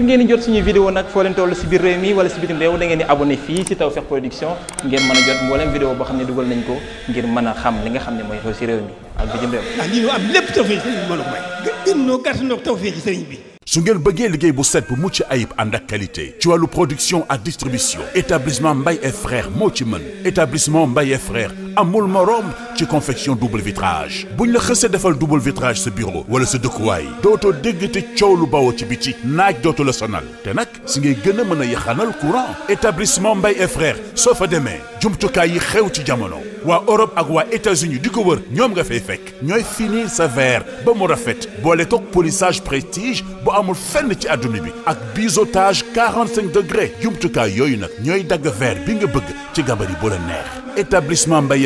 ngir ngeen di jot suñuy vidéo nag foo leen toll si biir réew mi wala si bitim réew da ngeen di abonné fii si Tawfekh Production ngeen mën a jot mboolem vidéo boo xam ne dugal nañ ko ngir mën a xam li nga xam ne mooy xew si réew mi ak bitim réew. ndax ah, lii ñu am lépp Tawfekh sëriñ bi mën may. gën noo gàtt noo Tawfekh sëriñ bi. su ngeen bëggee liggéey bu set bu mucc ayib ànd ak qualité ci wàllu production à distribution établissement mbay et frères moo ci mën établissement Mbaye et frères amul morom ci confection double vitrage buñ la xësee defal double vitrage sa bureau wala sa dëkkuwaay dootoo dégg te coow lu bawoo ci biti naaj dootu la sonal te nag si ngay gën a mën a yaxanal courant établissement Mbaye et frères soo fa demee jumtukaay yi xew ci jamono waa Europe ak waa États-Unis di ko wër ñoom nga fay fekk ñooy finir sa ver ba mu rafet boole kook polissage prestige bu amul fenn ci àdduna bi ak biseautage 45 degré jumtukaay yooyu nag ñooy dagg verre bi nga bëgg ci gabari bu la neex établissement Mbaye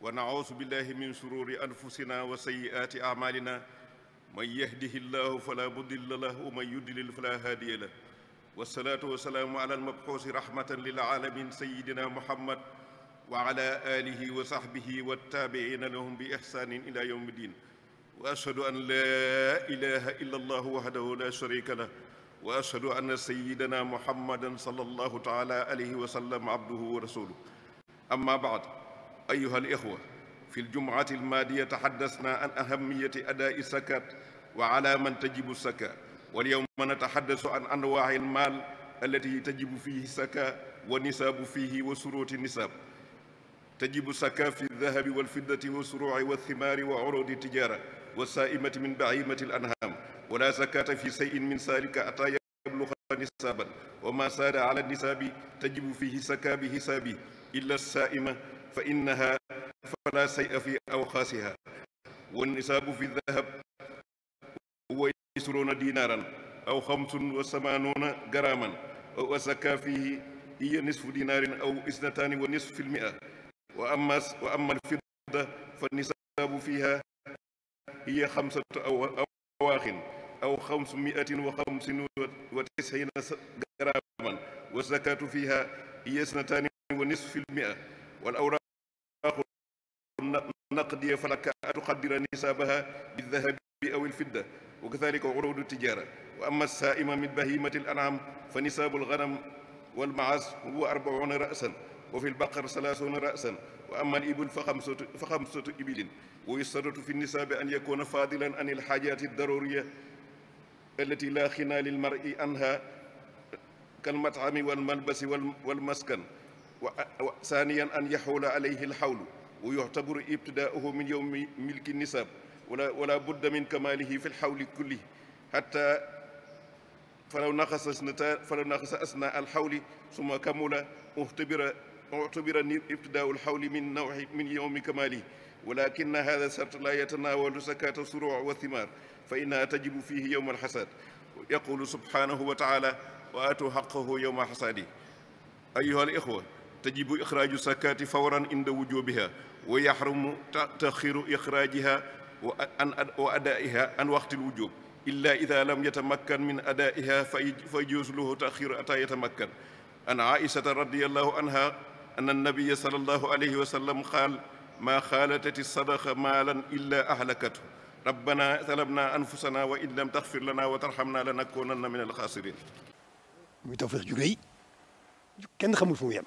wa naaudu billahi min shururi anfusina wa sayyiaati acmalina man yahdihi llahu fala mudilla lah wa man yudlil fala haadiya lah wasalaatu wasalaamu ala almabxuusi rahmatan lilaalamin sayidina muhammad wa ala alihi wa saxbihi wattaabiciina lahum bi ixsaanin ila yowmi ddin wa ashhadu an laa ilaha illa allahu wahdahu la sharika lah wa ashhadu anna sayidana muhammadan sal allahu taala alayhi wa sallam abduhu wa rasuluh amma baad أيها الإخوة في الجمعة الماضية تحدثنا عن أهمية أداء الزكاة وعلى من تجب الزكاة واليوم نتحدث عن أنواع المال التي تجب فيه الزكاة والنساب فيه وشروط النساب تجب الزكاة في الذهب والفضة والزروع والثمار وعروض التجارة والسائمة من بعيمة الأنهام ولا زكاة في شيء من ذلك حتى يبلغ نسابا وما سار على النساب تجب فيه الزكاة بحسابه إلا السائمة فإنها فلا سيء في أوخاسها والنساب في الذهب هو عشرون دينارا أو خمس وثمانون جراما وزكى فيه هي نصف دينار أو اثنتان ونصف في المئة وأما وأما الفضة فالنساب فيها هي خمسة أواخ أو خمسمائة وخمس وتسعين جراما والزكاة فيها هي اثنتان ونصف في المئة والأوراق النقدية فلك أن تقدر نسابها بالذهب أو الفضة وكذلك عروض التجارة وأما السائمة من بهيمة الأنعام فنساب الغنم والمعاز هو أربعون رأسا وفي البقر ثلاثون رأسا وأما الإبل فخمسة, فخمسة إبل ويشترط في النساب أن يكون فاضلا عن الحاجات الضرورية التي لا خنى للمرء عنها كالمطعم والملبس والمسكن wa saaniyan an yaxuula alayhi alxawlu wa yuxtabaru ibtidaauhu min yowmi milki nisaab wala wala budda min kamaalihi fi lxawli kulli xata falaw naqasa asnata falaw naqasa asna alxawli suma kamula uxtubira uxtubira ibtidaau alxawli min nawxi min yowmi kamaalihi walakin hada sart la yatanaawalu sakata suruuc wa thimaar fa innaha tajibu fihi yowma alxasaad yaqulu subhanahu wa taala wa aatu xaqahu yowma xasaadi ayuha al ixwa yastajibu ixraaju zakati fawran inda wujubiha wa yaxrumu taxiru ixraajiha wa adaiha an waxtil wujub illa ida lam yatamakkan min adaiha fa yjuusu lahu taxiru ata yatamakkan an aisata radiallahu anha an annabiya salallahu alayhi wa sallam qaal maa xaalatati sadaqa maalan illa ahlakatu rabbana salamna anfusana wa in lam taxfir lana wa tarxamna lanakunanna min alxaasirin muy tawfeex ju rëy kenn xamul fu mu yem